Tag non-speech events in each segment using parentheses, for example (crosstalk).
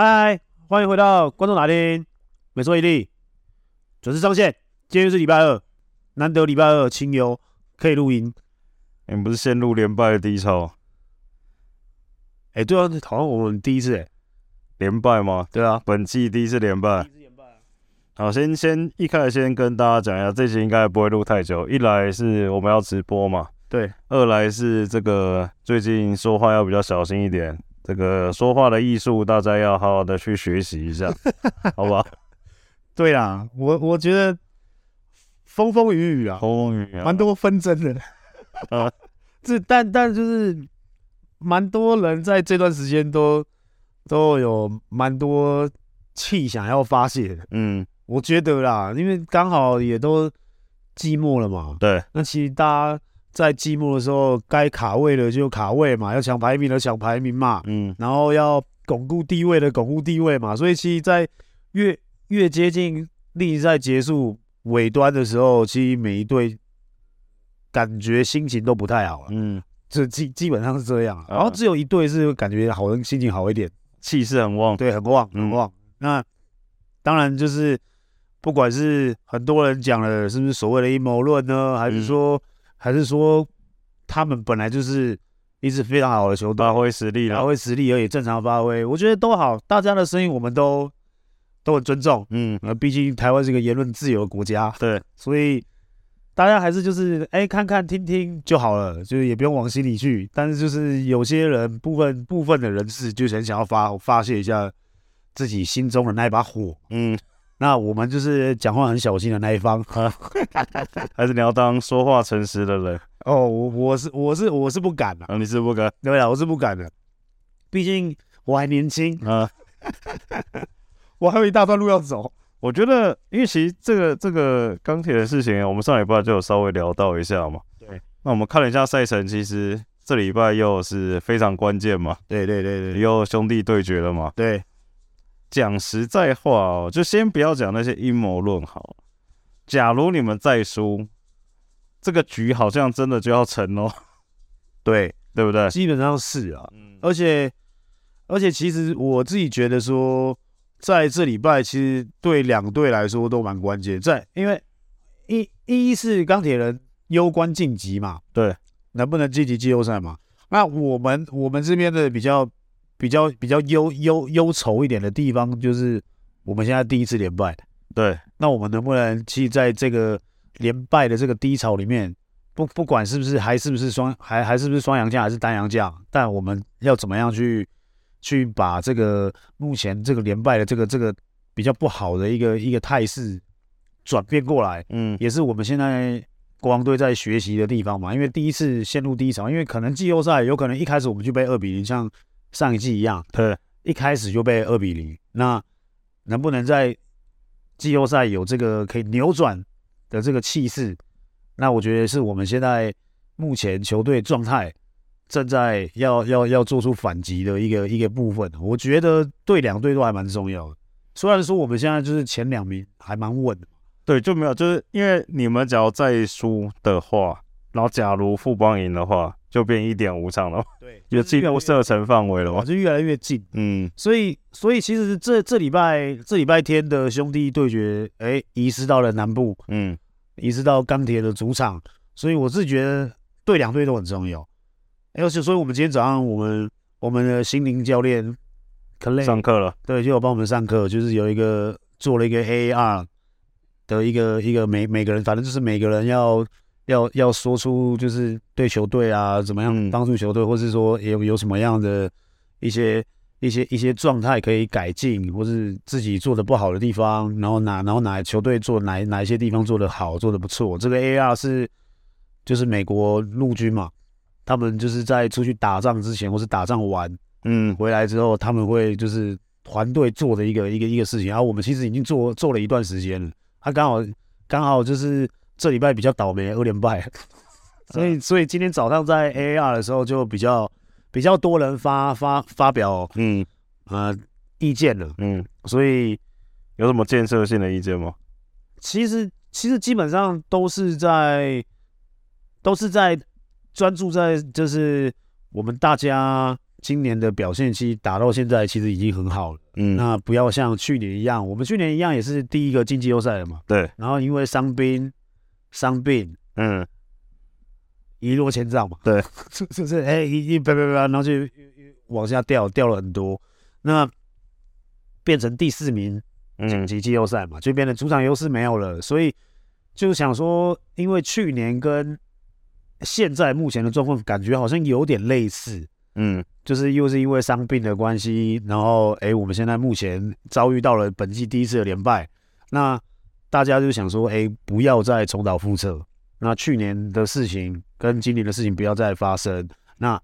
嗨，Hi, 歡迎回到觀眾哪愛看。沒錯，一定準時上線。今天是禮拜二，難得禮拜二清幽可以錄音。你們、欸、不是陷入連敗的低潮？哎、欸，對啊，好像我們第一次哎，連敗嗎？對啊，本季第一次連敗。第一次連敗、啊。好，先先一開始先跟大家講一下，這期應該不會錄太久。一來是我們要直播嘛，對；二來是這個最近說話要比較小心一點。這個說話的藝術，大家要好好的去學習一下， (laughs) 好吧？對啦，我我覺得風風雨雨啊，風風雨雨，蠻多紛爭的。啊， (laughs) 這但但就是蠻多人在這段時間都都有蠻多氣想要發洩的。嗯，我覺得啦，因為剛好也都季末了嘛。對，那其實大家。在季末的時候，該卡位的就卡位嘛，要搶排名的搶排名嘛，嗯，然後要鞏固地位的鞏固地位嘛，所以其實，在越越接近例行賽結束尾端的時候，其實每一隊感覺心情都不太好，嗯，這基基本上是這樣啊。然後只有一隊是感覺好心情好一點，氣勢很旺，對，很旺很旺。嗯、那當然就是，不管是很多人講的是不是所謂的陰謀論呢，還是說。嗯還是說，他們本來就是一支非常好的球隊，發揮實力，發揮實力，而且正常發揮，我覺得都好。大家的聲音我們都都很尊重，嗯，畢竟台灣是一個言論自由的國家，對，所以大家還是就是哎、欸，看看聽聽就好了，就是也不用往心裡去。但是就是有些人部分部分的人士就很想要發發洩一下自己心中的那一把火，嗯。那我們就是講話很小心的那一方，啊，還是你要當說話誠實的人？哦，我我是我是我是不敢啊，啊，你是不敢？對啊，我是不敢的，畢竟我還年輕啊，我還有一大段路要走。我覺得，因為其實這個這個鋼鐵的事情，我們上禮拜就有稍微聊到一下嘛。對，那我們看了一下賽程，其實這禮拜又是非常關鍵嘛。對對對對，對，又兄弟對決了嘛。對。講實在話哦，就先不要講那些陰謀論好。假如你們再輸，這個局好像真的就要成咯、哦，對，對不對？基本上是啊，而且而且，其實我自己覺得說，在這禮拜其實對兩隊來說都蠻關鍵，在因為一一是鋼鐵人攸關晉級嘛，對，能不能晉級季後賽嘛？那我們我們這邊的比較。比較比較憂憂憂愁一點的地方，就是我們現在第一次連敗。對，那我們能不能去在這個連敗的這個低潮裡面，不不管是不是還是不是雙還還是不是雙洋將還是單洋將，但我們要怎麼樣去去把這個目前這個連敗的這個這個比較不好的一個一個態勢轉變過來？嗯，也是我們現在國王隊在學習的地方嘛，因為第一次陷入低潮，因為可能季後賽有可能一開始我們就被二比零像。上一季一樣的，一開始就被二比零。那能不能在季後賽有這個可以扭轉的這個氣勢？那我覺得是我們現在目前球隊狀態正在要要要做出反擊的一個一個部分。我覺得對兩隊都還蠻重要的。雖然說我們現在就是前兩名還蠻穩的，對，就沒有，就是因為你們只要再輸的話。然後，假如富邦贏的話，就變一點五場了嘛？對，就進入射程範圍了嘛，就越來越近。嗯，所以，所以其實這這禮拜這禮拜天的兄弟對決，哎，移師到了南部，嗯，移師到鋼鐵的主場，所以我自己覺得對兩隊都很重要。而且，所以我們今天早上，我們我們的心靈教練 Clay 上課了，對，就有幫我們上課，就是有一個做了一個 AAR 的一個一個，一個每每個人，反正就是每個人要。要要說出就是對球隊啊怎麼樣幫助球隊，嗯，或是說有有什麼樣的一，一些一些一些狀態可以改進，或是自己做的不好的地方，然後哪然後哪球隊做哪哪一些地方做得好，做得不錯。這個 AR 是就是美國陸軍嘛，他們就是在出去打仗之前，或是打仗完，嗯，回來之後他們會就是團隊做的一個一個一個事情。然後，啊，我們其實已經做做了一段時間了，他，啊，剛好剛好就是。這禮拜比較倒霉，二連敗，所以所以今天早上在 AAR 的時候就比較比較多人發發發表嗯呃意見了，嗯，所以有什麼建設性的意見嗎？其實其實基本上都是在都是在專注在就是我們大家今年的表現期打到現在其實已經很好了，嗯，那不要像去年一樣，我們去年一樣也是第一個進季後賽了嘛，對，然後因為傷兵。傷病，am, 嗯，一落千丈嘛，對， (laughs) 就是哎一一敗敗然後就往下掉，掉了很多，那變成第四名，晉級季後賽嘛，嗯、就變得主場優勢沒有了，所以就是想說，因為去年跟現在目前的狀況，感覺好像有點類似，嗯，就是又是因為傷病的關係，然後哎、欸，我們現在目前遭遇到了本季第一次的連敗，那。大家就想說，哎，不要再重蹈覆轍，那去年的事情跟今年的事情不要再發生。那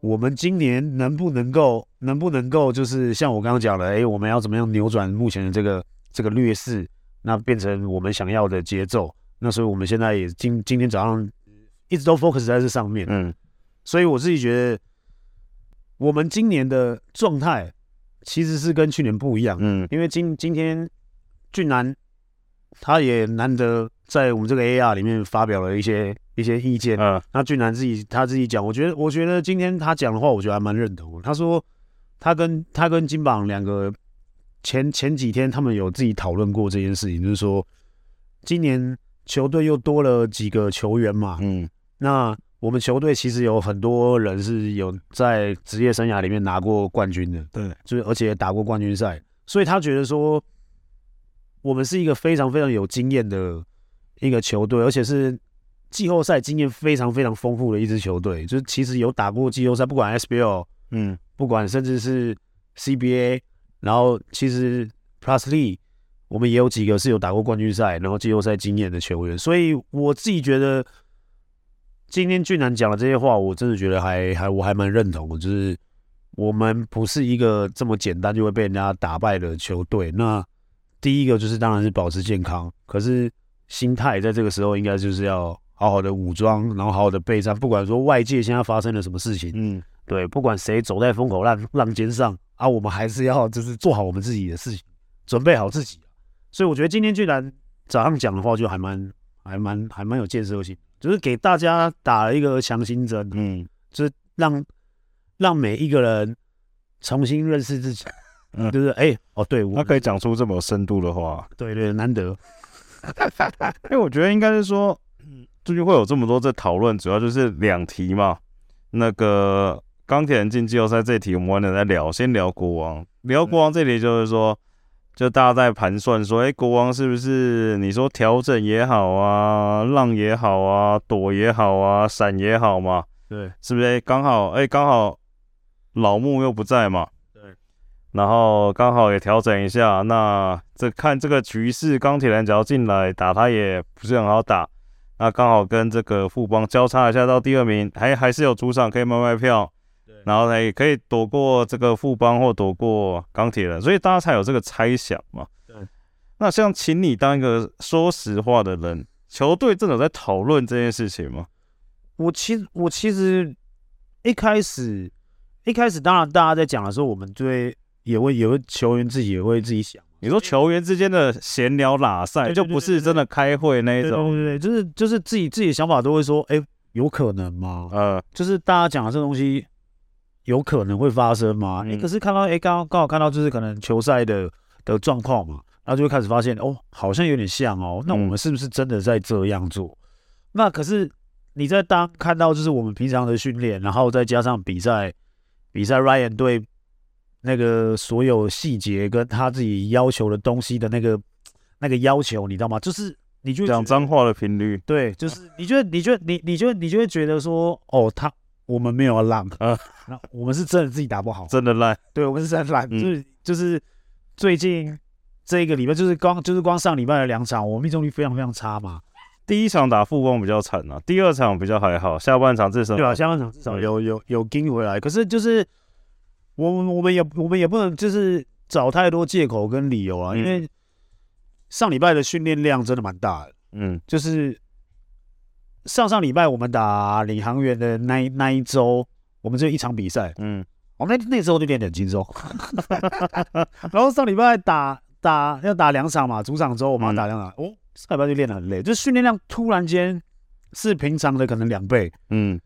我們今年能不能夠，能不能夠，就是像我剛剛講的，哎，我們要怎麼樣扭轉目前的這個這個劣勢，那變成我們想要的節奏？那所以我們現在也今今天早上一直都 focus 在這上面。嗯，所以我自己覺得，我們今年的狀態其實是跟去年不一樣。嗯，因為今今天俊南。他也難得在我們這個 A R 裡面發表了一些一些意見。嗯，那俊男自己他自己講，我覺得我覺得今天他講的話，我覺得還蠻認同。他說他跟他跟金榜兩個前前幾天他們有自己討論過這件事情，就是說今年球隊又多了幾個球員嘛。嗯，那我們球隊其實有很多人是有在職業生涯裡面拿過冠軍的，對，就是而且打過冠軍賽，所以他覺得說。我們是一個非常非常有經驗的一個球隊，而且是季後賽經驗非常非常豐富的一支球隊。就是其實有打過季後賽，不管 SBL，嗯，不管甚至是 CBA，然後其實 Plus three 我們也有幾個是有打過冠軍賽，然後季後賽經驗的球員。所以我自己覺得，今天俊南講的這些話，我真的覺得還還我還蠻認同的，就是我們不是一個這麼簡單就會被人家打敗的球隊。那。第一個就是，當然是保持健康。可是心態在這個時候，應該就是要好好的武裝，然後好好的備戰。不管說外界現在發生了什麼事情，嗯，對，不管誰走在風口浪浪尖上啊，我們還是要就是做好我們自己的事情，準備好自己。所以我覺得今天居然早上講的話，就還蠻還蠻還蠻有建設性，就是給大家打了一個強心針，嗯，就是讓讓每一個人重新認識自己。嗯，就是哎哦，對，我他可以講出這麼有深度的話，對，對對，難得。因為、 (laughs) 欸、我覺得應該是說，最近會有這麼多在討論，主要就是兩題嘛。那個鋼鐵人進季後賽這一題，我們晚點再聊。先聊國王，聊國王這裡就是說，嗯、就大家在盤算說，哎、欸，國王是不是？你說調整也好啊，浪也好啊，躲也好啊，閃也好嘛，對，是不是？哎、欸，剛好，哎、欸，剛好老木又不在嘛。然後剛好也調整一下，那這看這個局勢，鋼鐵人只要進來打他也不是很好打，那剛好跟這個富邦交叉一下到第二名，還、哎、還是有主場可以賣賣票，對，然後也、哎、可以躲過這個富邦或躲過鋼鐵人，所以大家才有這個猜想嘛。對，那像請你當一個說實話的人，球隊真的有在討論這件事情嗎？我其我其實一開始一開始，當然大家在講的時候，我們對。也會也會球員自己也會自己想，你說球員之間的閒聊喇賽，對對對對對，就不是真的開會那一種，對，對，對，對，對就是就是自己自己的想法都會說，哎、欸，有可能嗎？呃，就是大家講的這東西有可能會發生嗎？你、嗯欸、可是看到哎剛剛剛好看到就是可能球賽的的狀況嘛，然後就會開始發現哦，好像有點像哦，那我們是不是真的在這樣做？嗯、那可是你在當看到就是我們平常的訓練，然後再加上比賽比賽 Ryan 隊。那個所有細節跟他自己要求的東西的那個那個要求，你知道嗎？就是你就講髒話的頻率，對，就是你就你就你你就你就會覺得說，哦，他我們沒有爛，嗯、呃，那我們是真的自己打不好，真的爛，對我們是在爛，嗯、就是就是最近這個禮拜就是光就是光上禮拜的兩場，我們命中率非常非常差嘛。第一場打富邦比較慘啊，第二場比較還好，下半場至少對吧、啊、下半場至少有、嗯、有有跟回來，可是就是。我我們也我們也不能就是找太多借口跟理由啊，嗯、因為上禮拜的訓練量真的蠻大的，嗯，就是上上禮拜我們打領航猿的那一那一周，我們只有一場比賽，嗯，我們、哦、那那時候就練得很輕鬆， (laughs) 然後上禮拜打打要打兩場嘛，主場之後我們要打兩場，嗯、哦，上禮拜就練得很累，就訓練量突然間是平常的可能兩倍，嗯，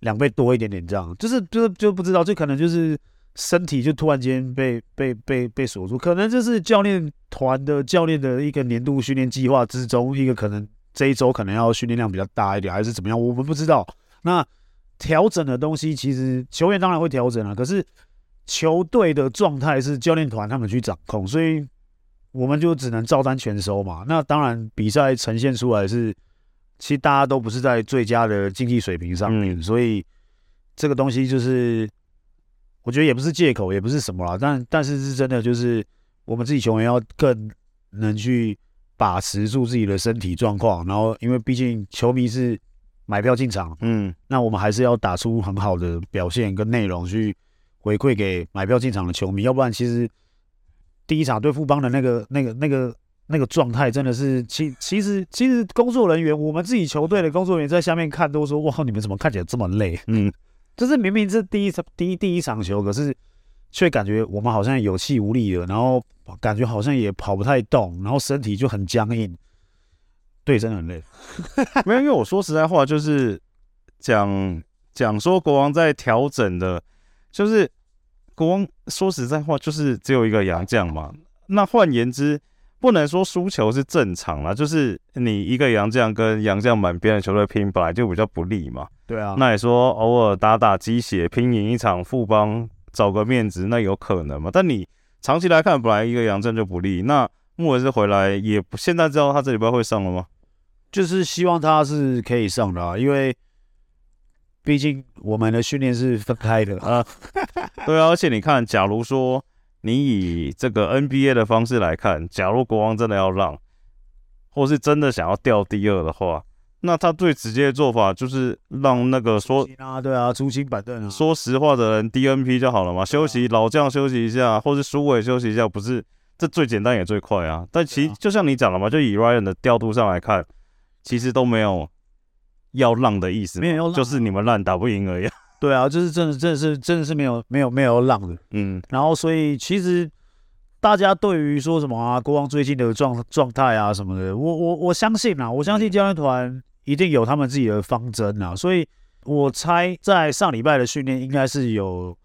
兩倍多一點點這樣，就是就就不知道，這可能就是。身體就突然間被被被被鎖住，可能這是教練團的教練的一個年度訓練計劃之中，一個可能這一周可能要訓練量比較大一點，還是怎麼樣，我們不知道。那調整的東西，其實球員當然會調整啊，可是球隊的狀態是教練團他們去掌控，所以我們就只能照單全收嘛。那當然，比賽呈現出來是，其實大家都不是在最佳的競技水平上面，嗯、所以這個東西就是。我覺得也不是借口，也不是什麼啦。但但是是真的，就是我們自己球員要更能去把持住自己的身體狀況，然後因為畢竟球迷是買票進場，嗯，那我們還是要打出很好的表現跟內容去回饋給買票進場的球迷，要不然其實第一場對富邦的那個那個那個那個狀態真的是，其其實其實工作人員，我們自己球隊的工作人員在下面看都說，哇，你們怎麼看起來這麼累？嗯。就是明明是第一場第一第一場球，可是卻感覺我們好像有氣無力了，然後感覺好像也跑不太動，然後身體就很僵硬。對，真的很累。 (laughs) 沒有，因為我說實在話，就是講講說國王在調整的，就是國王說實在話，就是只有一個洋將這樣嘛。那換言之。不能說輸球是正常啦，就是你一個洋將跟洋將滿編的球隊拼，本來就比較不利嘛。對啊，那你說偶爾打打雞血，拼贏一場富邦，找個面子，那有可能嘛？但你長期來看，本來一個洋將就不利。那穆老是回來也不，現在知道他這禮拜會上了嗎？就是希望他是可以上的，啊，因為畢竟我們的訓練是分開的啊。 (laughs) 對啊，而且你看，假如說。你以這個 NBA 的方式來看，假如國王真的要讓，或是真的想要掉第二的話，那他最直接的做法就是讓那個說啊，對啊，出心板凳，說實話的人 DNP 就好了嘛！啊、休息老將休息一下，或是書緯休息一下，不是這最簡單也最快啊。但其實就像你講了嘛，就以 Ryan 的調度上來看，其實都沒有要讓的意思嘛，沒有要，啊、就是你們爛打不贏而已。對啊，就是真的，真的是，真的是沒有，沒有，沒有讓的。嗯，然後所以其實大家對於說什麼啊，國王最近的狀狀態啊什麼的，我我我相信吶、啊，我相信教練團一定有他們自己的方針吶、啊，所以我猜在上禮拜的訓練應該是有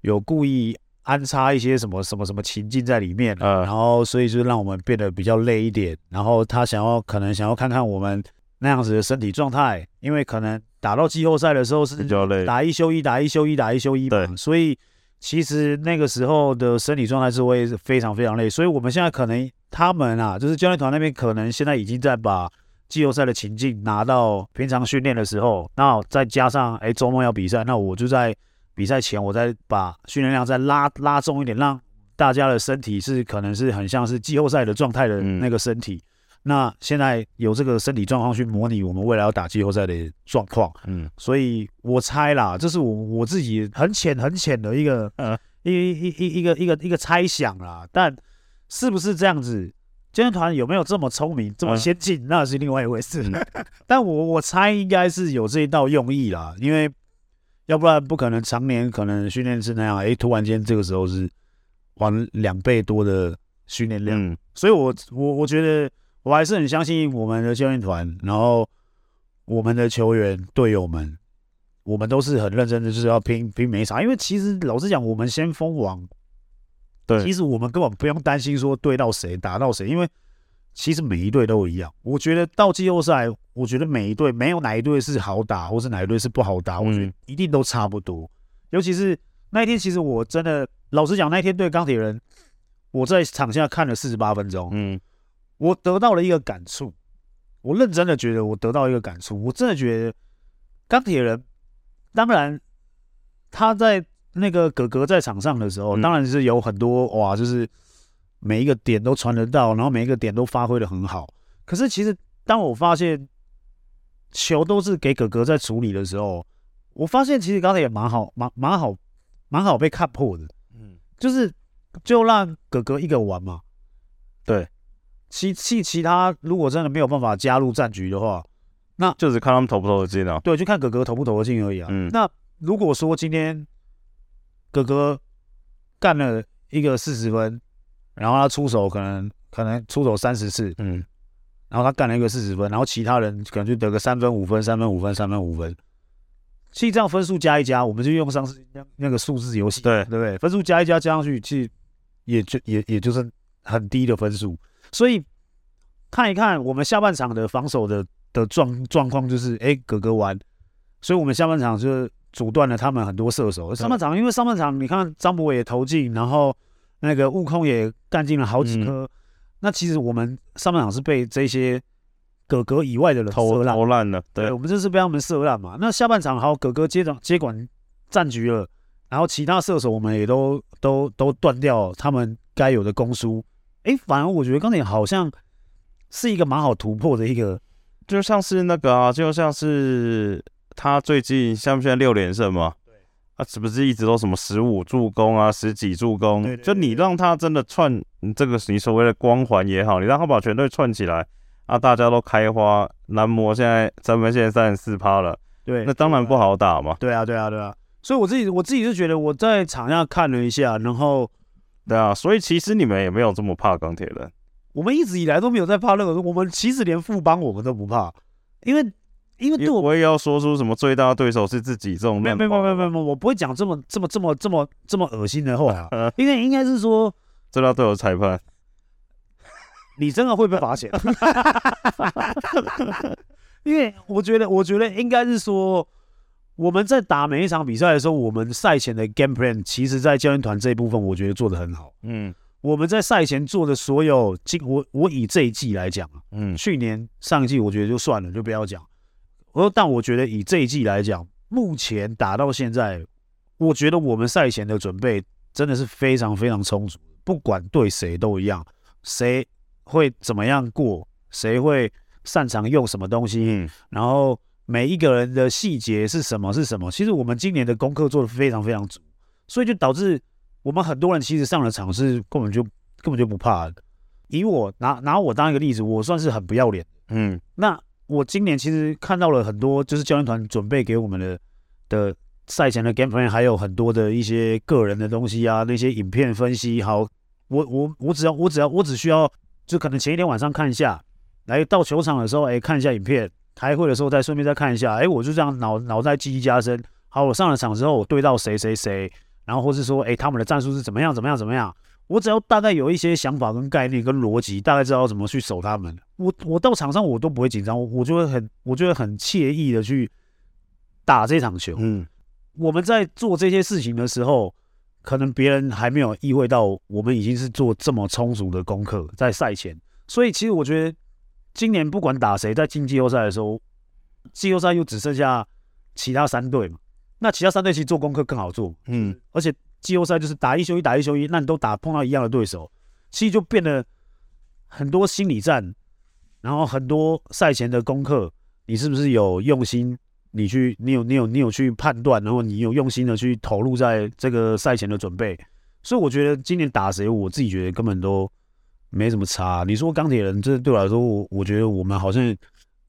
有故意安插一些什麼什麼什麼情境在裡面、啊，嗯，然後所以就讓我們變得比較累一點，然後他想要可能想要看看我們。那樣子的身體狀態，因為可能打到季後賽的時候是比較累，打一休一，打一休一，打一休一嘛，對所以其實那個時候的身體狀態是會非常非常累。所以我們現在可能他們啊，就是教練團那邊可能現在已經在把季後賽的情境拿到平常訓練的時候，那再加上，哎，週末要比賽，那我就在比賽前，我再把訓練量再拉拉重一點，讓大家的身體是可能是很像是季後賽的狀態的那個身體。嗯那現在有這個身體狀況去模擬我們未來要打季後賽的狀況，嗯，所以我猜啦，這、就是我我自己很淺很淺的一個呃一一一一個一個一個，一個猜想啦。但是不是這樣子，教練團有沒有這麼聰明這麼先進，嗯、那是另外一回事。 (laughs) 但我我猜應該是有這一道用意啦，因為要不然不可能常年可能訓練是那樣，哎、欸，突然間這個時候是玩兩倍多的訓練量，嗯、所以我我我覺得。我還是很相信我們的教練團，然後我們的球員隊友們，我們都是很認真的，就是要拼拼沒啥。因為其實老實講，我們先封王，對，其實我們根本不用擔心說對到誰打到誰，因為其實每一隊都一樣。我覺得到季後賽，我覺得每一隊沒有哪一隊是好打，或是哪一隊是不好打，嗯、我覺得一定都差不多。尤其是那一天，其實我真的老實講，那一天對鋼鐵人，我在場下看了四十八分鐘，嗯。我得到了一個感觸，我認真的覺得我得到一個感觸，我真的覺得鋼鐵人，當然他在那個哥哥在場上的時候，當然是有很多哇，就是每一個點都傳得到，然後每一個點都發揮得很好。可是其實當我發現球都是給哥哥在處理的時候，我發現其實鋼鐵也蠻好，蠻蠻好，蠻好被看破的。嗯，就是就讓哥哥一個玩嘛，對。其其其他，如果真的沒有辦法加入戰局的話，那就只看他們投不投得進了。對，就看哥哥投不投得進而已啊。嗯，那如果說今天哥哥幹了一個四十分，然後他出手可能可能出手三十次，嗯，然後他幹了一個四十分，然後其他人可能就得個三分五分，三分五分，三分五分。其實這樣分數加一加，我們就用上那那個數字遊戲，對對不對？分數加一加加上去，其實也就也也就是很低的分數。所以看一看我們下半場的防守的的狀狀況，就是哎、欸，格格玩，所以我們下半場就阻斷了他們很多射手。上半場因為上半場你看張博偉也投進，然後那個悟空也幹進了好幾顆，嗯、那其實我們上半場是被這些格格以外的人投爛了。對，對我們就是被他們射爛嘛。那下半場，好，格格接管接管戰局了，然後其他射手我們也都都都斷掉他們該有的供輸。哎，欸、反而我覺得剛才好像是一個蠻好突破的一個，就像是那個啊，就像是他最近像不像六連勝嘛？對，他是不是一直都什麼十五助攻啊，十幾助攻？對，對，就你讓他真的串這個你所謂的光環也好，你讓他把全隊串起來啊，大家都開花。男模現在咱們現在三十四趴了，對，那當然不好打嘛對、啊。對啊，對啊，對啊。所以我自己我自己就覺得我在場下看了一下，然後。對啊，所以其實你們也沒有這麼怕鋼鐵人。我們一直以來都沒有在怕任何人，我們其實連富邦我們都不怕，因為因為對我，因為我也要說出什麼最大的對手是自己這種的，沒有沒有沒有沒有，我不會講這麼這麼這麼這麼這麼噁心的話、啊，呵呵因為應該是說最大對手裁判，你真的會被罰錢， (laughs) (laughs) 因為我覺得我覺得應該是說。我們在打每一場比賽的時候，我們賽前的 game plan，其實在教練團這一部分，我覺得做得很好。嗯，我們在賽前做的所有，我我以這一季來講，嗯，去年上一季我覺得就算了，就不要講。我但我覺得以這一季來講，目前打到現在，我覺得我們賽前的準備真的是非常非常充足，不管對誰都一樣，誰會怎麼樣過，誰會擅長用什麼東西，嗯、然後。每一個人的細節是什麼？是什麼？其實我們今年的功課做的非常非常足，所以就導致我們很多人其實上了場是根本就根本就不怕的。以我拿拿我當一個例子，我算是很不要臉。嗯，那我今年其實看到了很多，就是教練團準備給我們的的賽前的 game plan 還有很多的一些個人的東西啊，那些影片分析。好，我我我只要我只要我只需要，就可能前一天晚上看一下，來到球場的時候，哎，看一下影片。開會的時候再順便再看一下，哎，我就這樣腦腦袋記憶加深。好，我上了場之後，我對到誰誰誰，然後或是說，哎，他們的戰術是怎麼樣怎麼樣怎麼樣，我只要大概有一些想法跟概念跟邏輯，大概知道怎麼去守他們。我我到場上我都不會緊張，我就我就會很我就會很愜意的去打這場球。嗯，我們在做這些事情的時候，可能別人還沒有意會到，我們已經是做這麼充足的功課在賽前。所以其實我覺得。今年不管打誰，在進季後賽的時候，季後賽又只剩下其他三隊嘛。那其他三隊其實做功課更好做，嗯。而且季後賽就是打一休一，打一休一，那你都打碰到一樣的對手，其實就變得很多心理戰，然後很多賽前的功課，你是不是有用心？你去，你有，你有，你有去判斷，然後你有用心的去投入在這個賽前的準備。所以我覺得今年打誰，我自己覺得根本都。沒什麼差啊，你說鋼鐵人，這對我來說我，我我覺得我們好像，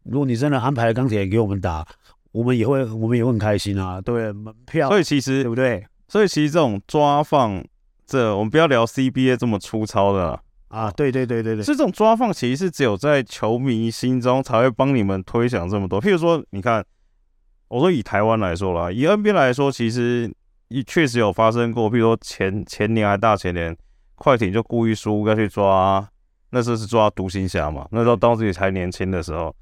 如果你真的安排了鋼鐵人給我們打，我們也會，我們也會很開心啊。對，門票，所以其實對不對？所以其實這種抓放，這我們不要聊 CBA 這麼粗糙的啦啊。對對對對對，這種抓放，其實是只有在球迷心中才會幫你們推想這麼多。譬如說，你看，我說以台灣來說啦，以 NBA 來說，其實也確實有發生過。譬如說前前年還大前年。快艇就故意輸，要去抓，那時候是抓獨行俠嘛。那時候當時也才年輕的時候，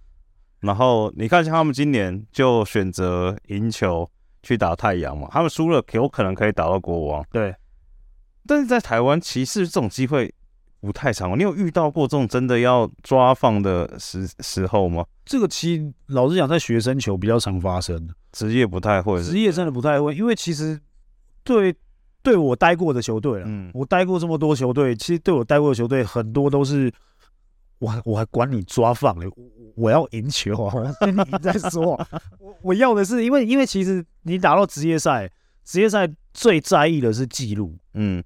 然後你看，像他們今年就選擇贏球去打太陽嘛，他們輸了有可能可以打到國王。對，但是在台灣其實這種機會不太常。你有遇到過這種真的要抓放的時時候嗎？這個其實老實講，在學生球比較常發生，職業不太會，職業真的不太會，因為其實對。對我待過的球隊了，嗯，我待過這麼多球隊，其實對我待過的球隊很多都是，我我還管你抓放哎，我要贏球啊！ (laughs) 你在說，我我要的是，因為因為其實你打到職業賽，職業賽最在意的是記錄，嗯，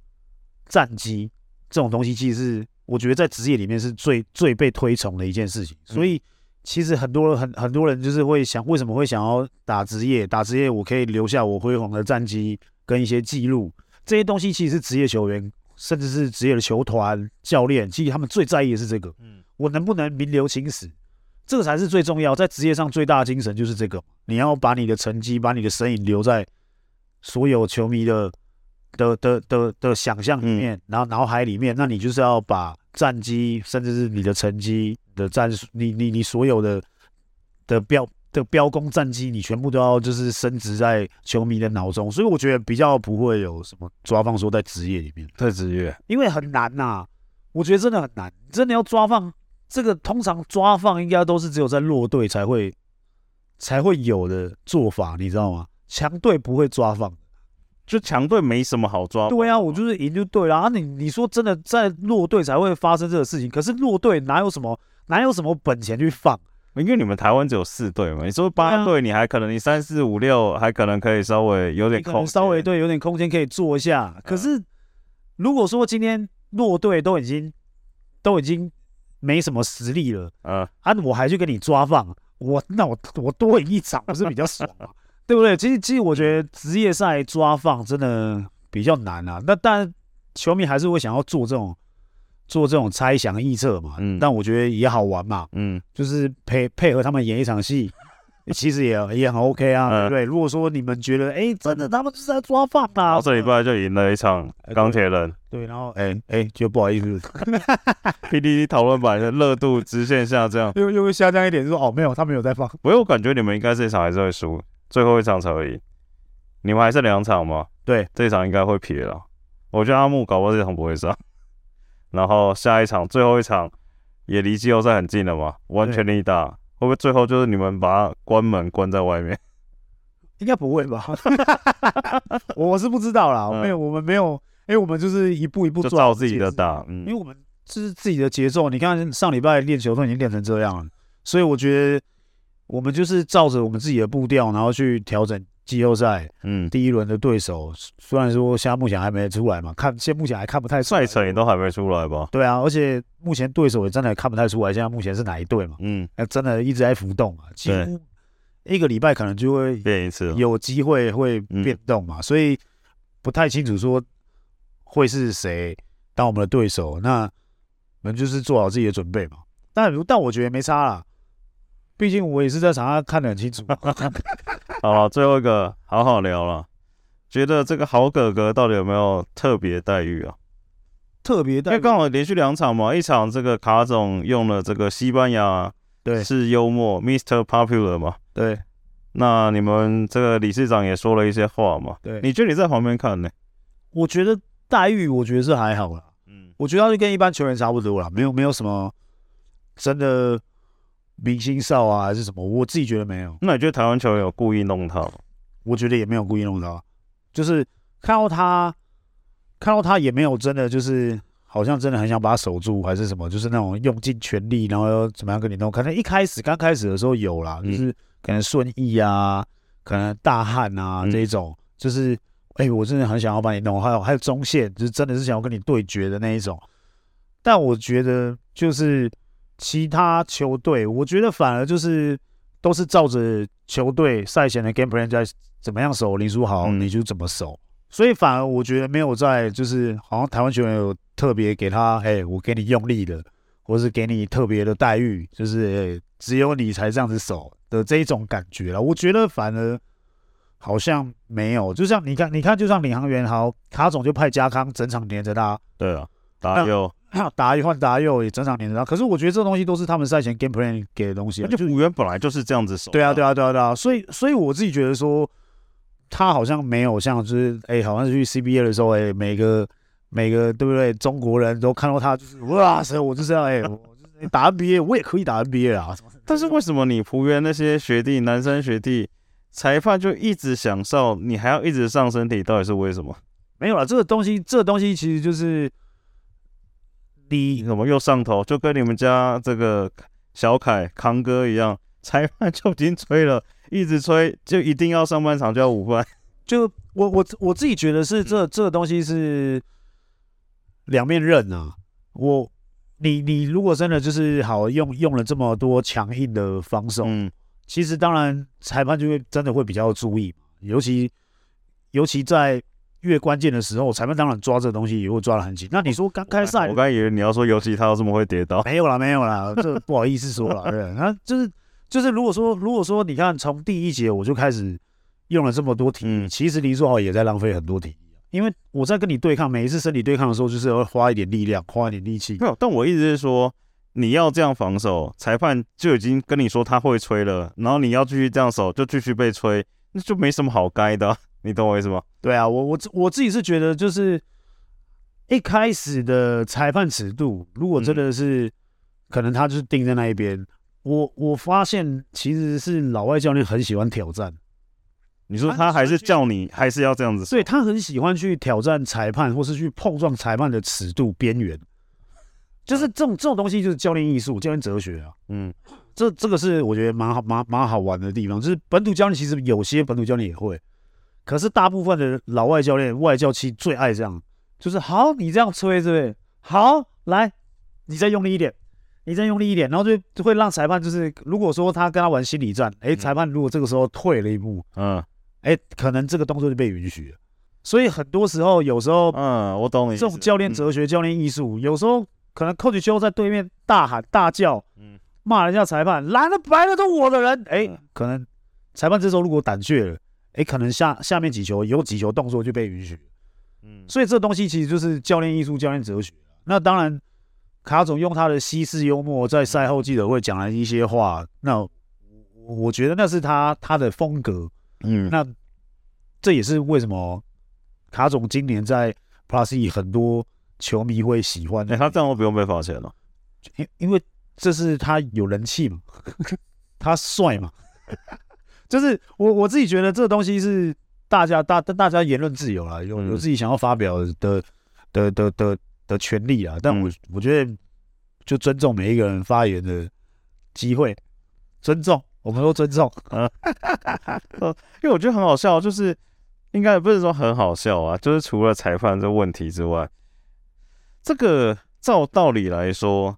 戰績這種東西，其實是我覺得在職業裡面是最最被推崇的一件事情。所以其實很多人很很多人就是會想，為什麼會想要打職業？打職業我可以留下我輝煌的戰績跟一些記錄。這些東西其實是職業球員，甚至是職業的球團、教練，其實他們最在意的是這個。嗯，我能不能名留青史？這個才是最重要，在職業上最大的精神就是這個。你要把你的成績、把你的身影留在所有球迷的、的、的、的、的、的想象裡面，嗯、然後腦海裡面，那你就是要把戰績，甚至是你的成績的戰術，你、你、你所有的的標。的標弓戰機，你全部都要就是升值，在球迷的腦中，所以我覺得比較不會有什麼抓放，說在職業裡面，在職業因為很難吶、啊，我覺得真的很難，真的要抓放這個，通常抓放應該都是只有在弱隊才會才會有的做法，你知道嗎？強隊不會抓放，就強隊沒什麼好抓。對啊，我就是贏就對了啊，那你你說真的在弱隊才會發生這個事情，可是弱隊哪有什麼哪有什麼本錢去放？因為你們台灣只有四隊嘛，你說八隊，你還可能，嗯、你三四五六還可能可以稍微有點空，稍微對有點空間可以做一下。可是如果說今天落隊都已經都已經沒什麼實力了，嗯、啊，啊，我還去給你抓放，我那我我多贏一場不是比較爽嘛， (laughs) 對不對？其實其實我覺得職業賽抓放真的比較難啊，那但球迷還是會想要做這種。做這種猜想預測嘛，嗯，但我覺得也好玩嘛，嗯，就是配配合他們演一場戲，其實也也很 OK 啊，對對？如果說你們覺得，哎，真的他們是在抓放啊，這禮拜就贏了一場鋼鐵人，對，然後哎哎，就不好意思 PTT 討論版的熱度直線下降，又又會下降一點，就說哦沒有，他們有在放，不過我感覺你們應該這一場還是會輸，最後一場才會贏，你們還剩兩場嗎？對，這一場應該會撇了，我覺得阿木搞不好這一場不會上。然後下一場最後一場也離季後賽很近了嘛，完全力打，對會不會最後就是你們把它關門關在外面？應該不會吧，哈哈哈我我是不知道啦，嗯、沒有我們沒有，因為我們就是一步一步做好自己的打，嗯、因為我們是自己的節奏。你看上禮拜練球都已經練成這樣了，所以我覺得我們就是照着我們自己的步調，然後去調整。季後賽，嗯，第一輪的對手，雖然說現在目前還沒出來嘛，看現在目前還看不太出來。賽程也都還沒出來吧？對啊，而且目前對手也真的看不太出來，現在目前是哪一隊嘛？嗯，真的一直在浮動嘛，幾乎一個禮拜可能就會變一次，有機會會變動嘛，所以不太清楚說會是誰當我們的對手，那可能就是做好自己的準備嘛。但如，但我覺得也沒差啦。畢竟我也是在場上看得很清楚。 (laughs) (laughs) 好了，最後一個好好聊了。覺得這個好哥哥到底有沒有特別待遇啊？特別待遇，因為剛好連續兩場嘛，一場這個卡總用了這個西班牙，對，是幽默 Mr. Popular 嘛。對。那你們這個理事長也說了一些話嘛？對。你覺得你在旁邊看呢？我覺得待遇，我覺得是還好啦。嗯，我覺得他跟一般球員差不多啦，沒有沒有什麼真的。明星哨啊，還是什麼？我自己覺得沒有。那你覺得台灣球員有故意弄他嗎？我覺得也沒有故意弄他，就是看到他，看到他也沒有真的就是好像真的很想把他守住，還是什麼？就是那種用盡全力，然後又怎麼樣跟你弄？可能一開始剛開始的時候有啦，就是可能順義啊，可能大漢啊這一種，就是哎、欸，我真的很想要把你弄。還有還有中線，就是真的是想要跟你對決的那一種。但我覺得就是。其他球隊，我覺得反而就是都是照着球隊賽前的 game plan 在怎麼樣守林書豪，嗯、你就怎麼守，所以反而我覺得沒有在就是好像台灣球員有特別給他，嘿、欸，我給你用力的，或是給你特別的待遇，就是、欸、只有你才這樣子守的這一種感覺了。我覺得反而好像沒有，就像你看，你看，就像領航猿好，卡總就派家慷整場黏着他，對啊，打丟。嗯 (coughs) 打一換打又也正常點的，可是我覺得這東西都是他們賽前 game plan 給的東西，而且服務員本來就是這樣子手。對啊，對啊，對啊，對啊，所以，所以我自己覺得說，他好像沒有像，就是哎、欸，好像是去 C B A 的時候，哎、欸，每個每個對不對？中國人都看到他就是哇塞，所以我就這樣哎、欸就是欸，打 N B A 我也可以打 N B A 啊。 (laughs) 但是為什麼你服務員那些學弟、男生學弟、裁判就一直享受，你還要一直上身體，到底是為什麼？沒有了，這個東西，這個東西其實就是。滴怎麼又上頭？就跟你們家這個小凱康哥一樣，裁判就已經吹了，一直吹，就一定要上半場就要五分。就我我我自己覺得是這、嗯、這個東西是兩面刃啊。我你你如果真的就是好用用了這麼多強硬的防守，嗯，其實當然裁判就會真的會比較注意，尤其尤其在。越關鍵的時候，裁判當然抓這東西也會抓得很緊。那你說剛開始，我剛，我剛以為你要說尤其他要這麼會跌倒，沒有啦，沒有啦，這不好意思說了。那就 (laughs) 是、啊、就是，就是、如果說如果說你看從第一節我就開始用了這麼多體力，嗯、其實林書豪也在浪費很多體力。因為我在跟你對抗，每一次身體對抗的時候就是要花一點力量，花一點力氣。沒有，但我意思是說你要這樣防守，裁判就已經跟你說他會吹了，然後你要繼續這樣守，就繼續被吹，那就沒什麼好該的、啊。你懂我意思嗎？對啊，我我我自己是覺得，就是一開始的裁判尺度，如果真的是，嗯哼，可能，他就是定在那一邊。我我發現其實是老外教練很喜歡挑戰。你說他還是叫你還是要這樣子？對，他很喜歡去挑戰裁判，或是去碰撞裁判的尺度邊緣。就是這種這種東西，就是教練藝術、教練哲學啊。嗯，這這個是我覺得蠻好、蠻蠻好，好玩的地方。就是本土教練其實有些本土教練也會。可是大部分的老外教練、外教期最愛這樣，就是好，你這樣吹，對不對？好，來，你再用力一點，你再用力一點，然後就會讓裁判就是，如果說他跟他玩心理戰，哎，裁判如果這個時候退了一步，嗯，哎，可能這個動作就被允許了。所以很多時候，有時候，嗯，我懂你這種教練哲學、教練藝術，有時候可能 coach 球在對面大喊大叫，嗯，罵人家裁判藍的白的都我的人，哎，可能裁判這時候如果膽怯了。哎，可能下下面幾球有幾球動作就被允許，嗯，所以這東西其實就是教練藝術、教練哲學。那當然，卡總用他的西式幽默在賽後記者會講了一些話，那我我覺得那是他他的風格，嗯，那這也是為什麼卡總今年在 Plus E 很多球迷會喜歡。哎，他這樣都不用被發現了，因因為這是他有人氣嘛，他帥嘛。 (laughs) 就是我我自己覺得這個東西是大家大大家言論自由啦，有有自己想要發表的的的的的的權利啊。但我、嗯、我覺得就尊重每一個人發言的機會，尊重，我們都尊重。哈哈哈，因為我覺得很好笑，就是應該也不是說很好笑啊，就是除了裁判這問題之外，這個照道理來說，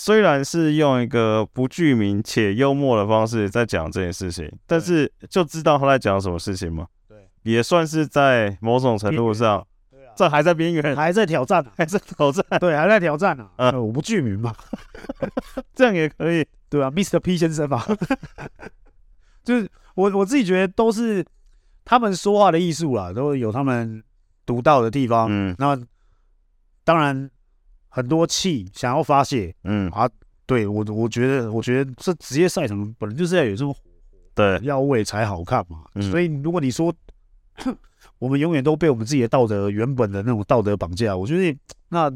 雖然是用一個不具名且幽默的方式在講這件事情，對但是就知道他在講什麼事情嘛。對也算是在某種程度上，邊對啊、這還在邊緣，還在挑戰、啊，還在挑戰、啊，對，還在挑戰啊！嗯呃、我不具名嘛， (laughs) (laughs) 這樣也可以，對啊，Mr. P 先生嘛， (laughs) 就是我我自己覺得都是他們說話的藝術啊，都有他們獨到的地方。嗯，那當然。很多氣想要發洩，嗯啊，對我，我覺得，我覺得這職業賽場本來就是要有這種對，要位才好看嘛。嗯、所以如果你說我們永遠都被我們自己的道德原本，的那種道德綁架，我覺得那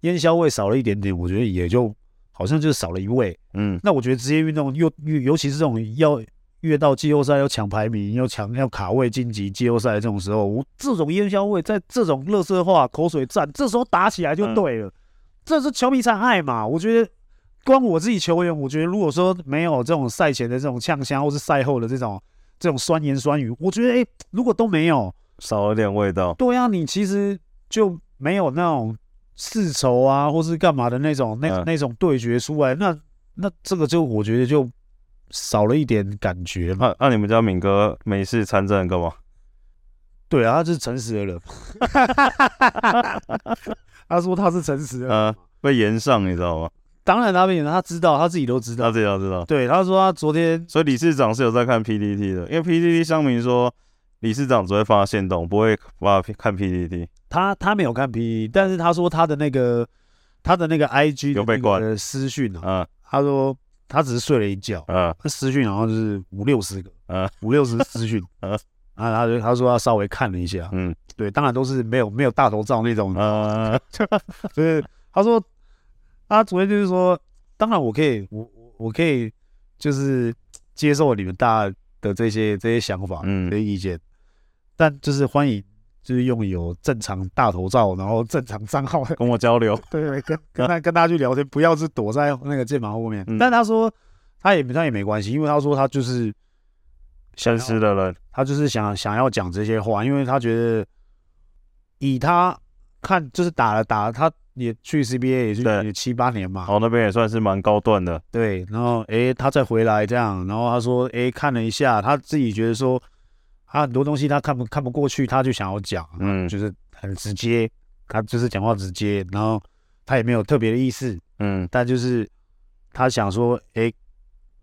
煙硝味少了一點點，我覺得也就好像就少了一味，嗯。那我覺得職業運動又越，尤其是這種要越到季後賽要搶排名，要搶要卡位晉級季後賽這種時候，我這種煙硝味在這種垃圾話、口水戰這時候打起來就對了。嗯這是球迷才愛嘛。我覺得，光我自己球員，我覺得如果說沒有這種賽前的這種嗆聲，或是賽後的這種這種酸言酸語，我覺得，哎、欸，如果都沒有，少了點味道。對呀，啊，你其實就沒有那種世仇啊，或是幹嘛的那種、嗯、那那種對決出來，那那這個就我覺得就少了一點感覺，那那、啊啊、你們家敏哥沒事參戰幹嘛？對啊，他是誠實的人。 (laughs) (laughs) 他說他是誠實的，嗯、呃，被炎上，你知道嗎？當然，他也，他知道，他自己都知道，他自己都知道。對，他說他昨天，所以理事長是有在看 PTT 的，因為 PTT 聲明說，理事長只會發限動，不會發看 PTT。他他沒有看 PTT，但是他說他的那個他的那個 IG 的那個私訊啊，他說他只是睡了一覺，嗯、呃，他私訊好像就是五六十個，嗯、呃，五六十私訊，啊，啊，他就他說他稍微看了一下，嗯。對，當然都是沒有沒有大頭照那種，呃、嗯， (laughs) 就是他說，他昨天就是說，當然我可以，我我可以，就是接受你們大家的這些這些想法，嗯，這些意見，嗯、但就是歡迎，就是用有正常大頭照，然後正常賬號跟我交流， (laughs) 對跟跟他跟他去聊天，不要是躲在那個鍵盤後面。嗯、但他說，他也他也沒關係，因為他說他就是相識的人，他就是想想要講這些話，因為他覺得。以他看就是打了打了，他也去 CBA 也去，對也七八年嘛，然後、哦、那邊也算是蠻高段的，對，然後誒、欸、他再回來這樣，然後他說誒、欸、看了一下，他自己覺得說他很多東西他看不看不過去，他就想要講，嗯，就是很直接，嗯、他就是講話直接，然後他也沒有特別的意思，嗯，但就是他想說誒、欸，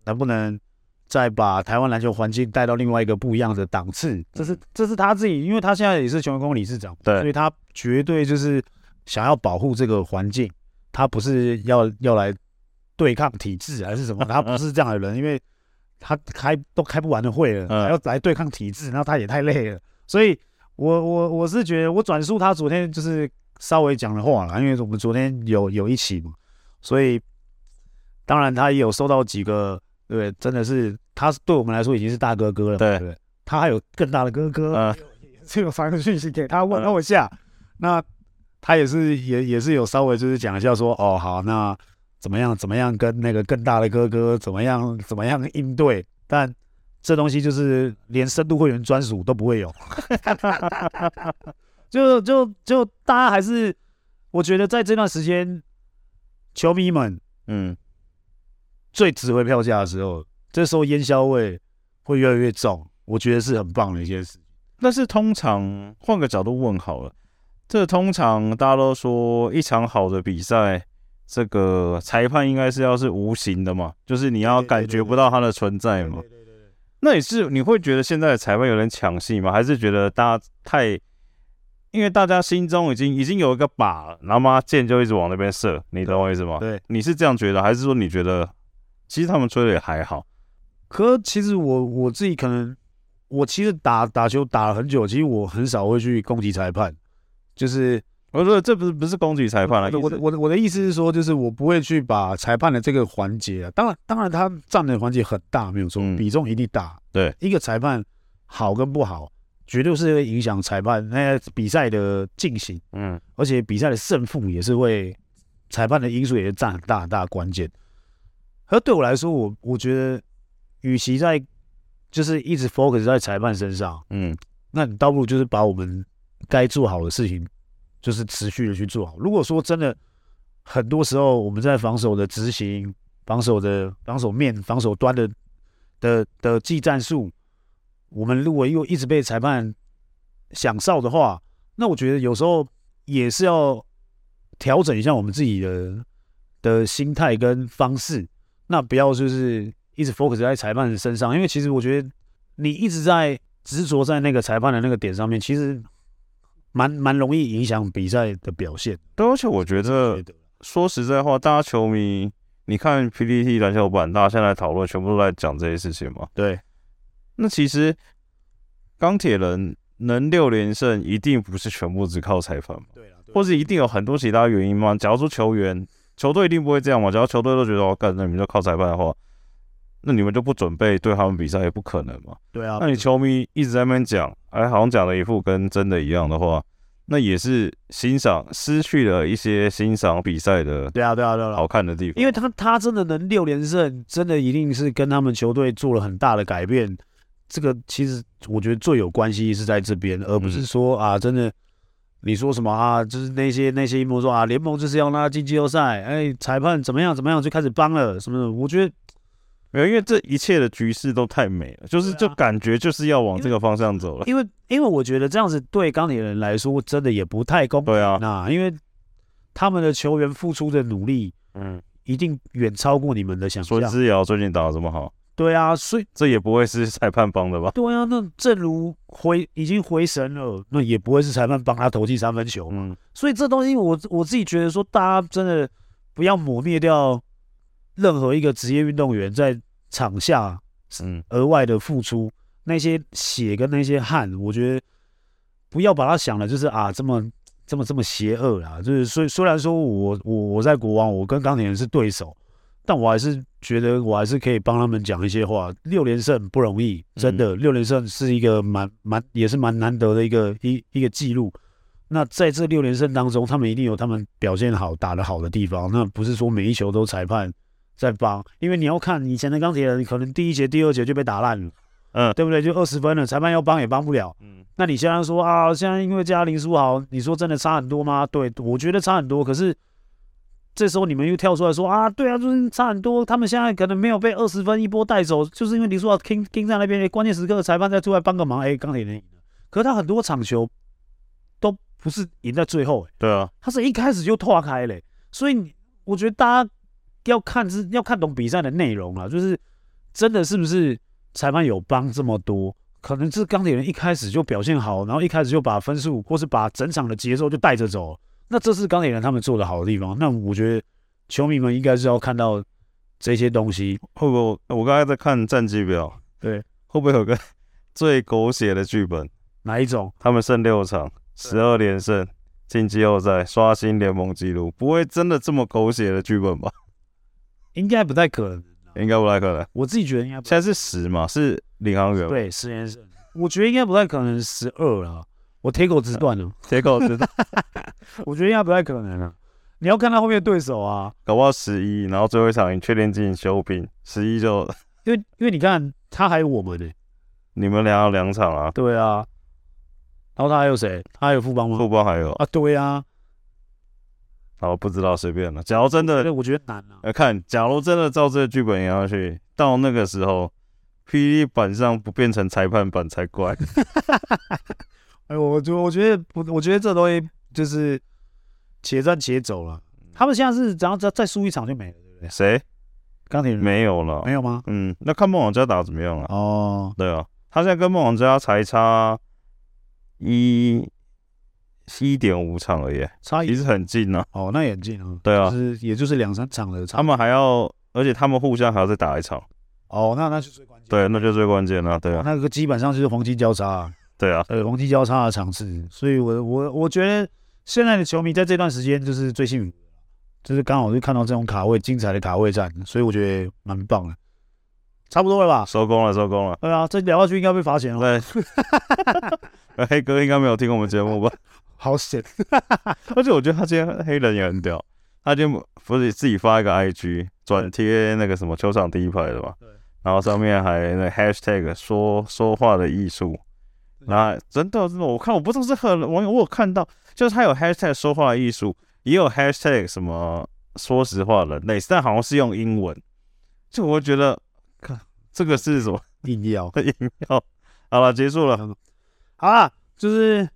能不能。再把台灣籃球環境帶到另外一個不一樣的檔次，這是這是他自己，因為他現在也是球員工會理事長，對，所以他絕對就是想要保護這個環境，他不是要要來對抗體制還是什麼，他不是這樣的人，因為他開都開不完的會了，還要來對抗體制，那他也太累了。所以，我我我是覺得，我轉述他昨天就是稍微講的話了，因為我們昨天有有一起嘛，所以當然他也有收到幾個。對，真的是，他是對我們來說已經是大哥哥了。對，對不對？他還有更大的哥哥。這個發個訊息給他問候一下，呃、那他也是，也也是有稍微就是講一下說，哦，好，那怎麼樣，怎麼樣跟那個更大的哥哥怎麼樣，怎麼樣應對？但這東西就是連深度會員專屬都不會有。 (laughs) 就就就大家還是，我覺得在這段時間，球迷們，嗯。最值回票價的時候，這時候煙硝味會越來越重，我覺得是很棒的一件事情。但是通常換個角度問好了，這通常大家都說，一場好的比賽，這個裁判應該是要是無形的嘛，就是你要感覺不到它的存在嘛。對對對。那你是，你會覺得現在的裁判有點搶戲嗎？還是覺得大家太，因為大家心中已經已經有一個靶了，然後嘛箭就一直往那邊射，你懂我意思嗎？對，對，對，你是這樣覺得，還是說你覺得？其實他們吹的也還好，可其實我我自己可能，我其實打打球打了很久，其實我很少會去攻擊裁判，就是我說、哦、這不是不是攻擊裁判了，我我我的意思是說，就是我不會去把裁判的這個環節啊，當然當然他佔的環節很大，沒有錯，嗯、比重一定大。對，一個裁判好跟不好，絕對是會影響裁判那些比賽的進行，嗯，而且比賽的勝負也是會裁判的因素，也是占很大很大的關鍵。那對我來說，我我覺得，與其在就是一直 focus 在裁判身上，嗯，那你倒不如就是把我們該做好的事情，就是持續的去做好。如果說真的很多時候我們在防守的執行、防守的防守面、防守端的的的技戰術，我們如果又一直被裁判響哨的話，那我覺得有時候也是要調整一下我們自己的的心態跟方式。那不要就是一直 focus 在裁判的身上，因為其實我覺得你一直在執着在那個裁判的那個點上面，其實蠻蠻容易影響比賽的表現。對，而且我覺得，我覺得說實在話，大家球迷，你看 PTT 籃球版，大家現在討論全部都在講這些事情嘛。對，那其實鋼鐵人能六連勝，一定不是全部只靠裁判，對，對或是一定有很多其他原因嗎？假如說球員。球隊一定不會這樣嘛？只要球隊都覺得哦，幹，那你們就靠裁判的話，那你們就不準備對他們比賽也不可能嘛。對啊。那你球迷一直在那邊講，哎，好像講了一副跟真的一樣的話，那也是欣賞失去了一些欣賞比賽的，的。對啊，對啊，對啊，好看的地方。因為他他真的能六連勝，真的一定是跟他們球隊做了很大的改變。這個其實我覺得最有關係是在這邊，而不是說、嗯、啊，真的。你說什麼啊？就是那些那些，我、就是、說啊，聯盟就是要拉進季後賽。哎，裁判怎麼樣怎麼樣就開始幫了什麼什麼？我覺得，沒有，因為這一切的局勢都太美了，啊、就是就感覺就是要往這個方向走了。因為因為，因為我覺得這樣子對鋼鐵人來說真的也不太公平。對啊，那因為他們的球員付出的努力，嗯，一定遠超過你們的、嗯、想象。所以之遙最近打得這麼好。對啊，所以這也不會是裁判幫的吧？對啊，那正如回已經回神了，那也不會是裁判幫他投進三分球。嗯，所以這東西我我自己覺得說，大家真的不要抹滅掉任何一個職業運動員在場下嗯額外的付出、嗯、那些血跟那些汗。我覺得不要把它想的就是啊這麼這麼這麼邪惡啦。就是雖雖然說我我我在國王，我跟鋼鐵人是對手，但我還是。覺得我還是可以幫他們講一些話。六連勝不容易，真的，嗯、六連勝是一個蠻蠻也是蠻難得的一個一一個記錄。那在這六連勝當中，他們一定有他們表現好打得好的地方。那不是說每一球都裁判在幫，因為你要看以前的鋼鐵人，可能第一節第二節就被打爛了，嗯，對不對？就二十分了，裁判要幫也幫不了。嗯，那你現在說啊，現在因為加林書豪，你說真的差很多嗎？對，我覺得差很多，可是。這時候你們又跳出來說啊，對啊，就是差很多。他們現在可能沒有被二十分一波帶走，就是因為林書豪 n g 在那邊，關鍵時刻裁判再出來幫個忙，哎，鋼鐵人贏了。可是他很多場球都不是贏在最後，對啊，他是一開始就拓開了，所以我覺得大家要看是要看懂比賽的內容啊，就是真的是不是裁判有幫這麼多？可能是鋼鐵人一開始就表現好，然後一開始就把分數或是把整場的節奏就帶着走。那這是鋼鐵人他們做的好的地方，那我覺得球迷們應該是要看到這些東西，會不會我？我剛才在看戰績表，對，會不會有個最狗血的劇本？哪一種？他們勝六場，十二對連勝，進季後賽，刷新聯盟記錄，不會真的這麼狗血的劇本吧？應該不太可能，應該不太可能。我自己覺得應該不太可能。現在是十嘛，是領航員對，十連勝，我覺得應該不太可能十二啦。我鐵口直斷了，鐵口直斷，我覺得應該不太可能了、啊。 (laughs) 你要看他後面的對手啊，搞不好十一，然後最後一場你確定進行休兵，十一就因為因為你看他還有我們的，你們倆要兩場啊？對啊，然後他還有誰？他還有富邦，富邦還有啊？對啊，好不知道隨便了、啊。假如真的，我覺得難要、啊、看，假如真的照這個劇本演下去，到那個時候，pd 板上不變成裁判板才怪。 (laughs) 哎，我我我覺得不，我覺得這東西就是且戰且走了。他們現在是只要再再輸一場就沒了，對不對？誰誰？鋼鐵人沒有了？沒有，了沒有嗎？嗯，那看夢想家打怎麼樣了、啊？哦，對啊，他現在跟夢想家才差一一點五場而已，差一直很近呢、啊。哦，那也很近啊。對啊，就是也就是兩三場的差。他們還要，而且他們互相還要再打一場。哦，那那是最關鍵。對，那就最關鍵了。對啊，哦、那個基本上是黃金交叉、啊。對啊，呃，紅黑交叉的場次，所以我，我我我覺得現在的球迷在這段時間就是最幸福，就是剛好就看到這種卡位，精彩的卡位戰，所以我覺得蠻棒的。差不多了吧，收工了，收工了。對啊，這聊下去應該被罰錢了。對、 (laughs) 呃，黑哥應該沒有聽過我們節目吧？ (laughs) 好險， (laughs) 而且我覺得他今天黑人也很屌，他今天不是自己發一個 IG 轉貼那個什麼球場第一排的吧，對然後上面還那個 Hashtag 說，說話的藝術。對來，真的，真的，我看我不知道是何網友，我有看到就是他有 hashtag 說話的藝術，也有 hashtag 什麼說實話的那但好像是用英文，就我覺得看這個是什麼飲料？飲 (laughs) 料，好了，結束了，嗯、好了，就是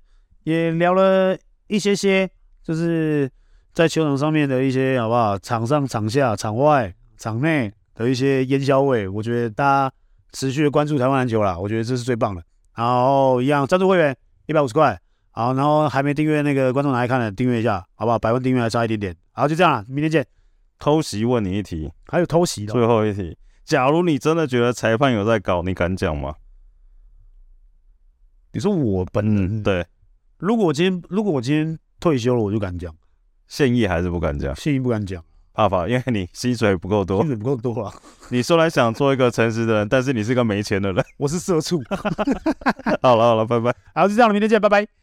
也聊了一些些，就是在球場上面的一些好不好？場上、場下、場外、場內的一些煙硝味，我覺得大家持續的關注台灣籃球啦，我覺得這是最棒的。然後、哦、一樣，贊助會員一百五十塊。好，然後還沒訂閱那個觀眾來看的，訂閱一下，好不好？百萬訂閱還差一點點。好，就這樣，明天見。偷襲，問你一題，還有偷襲的。最後一題，假如你真的覺得裁判有在搞，你敢講嗎？你說我本人、嗯。對，如果我今天，如果我今天退休了，我就敢講。現役還是不敢講。現役不敢講。好吧，因為你薪水不夠多，薪水不夠多啊。你說來想做一個誠實的人， (laughs) 但是你是個沒錢的人。我是社畜。 (laughs) (laughs) 好了好了，拜拜。好，就這樣了，明天見，拜拜。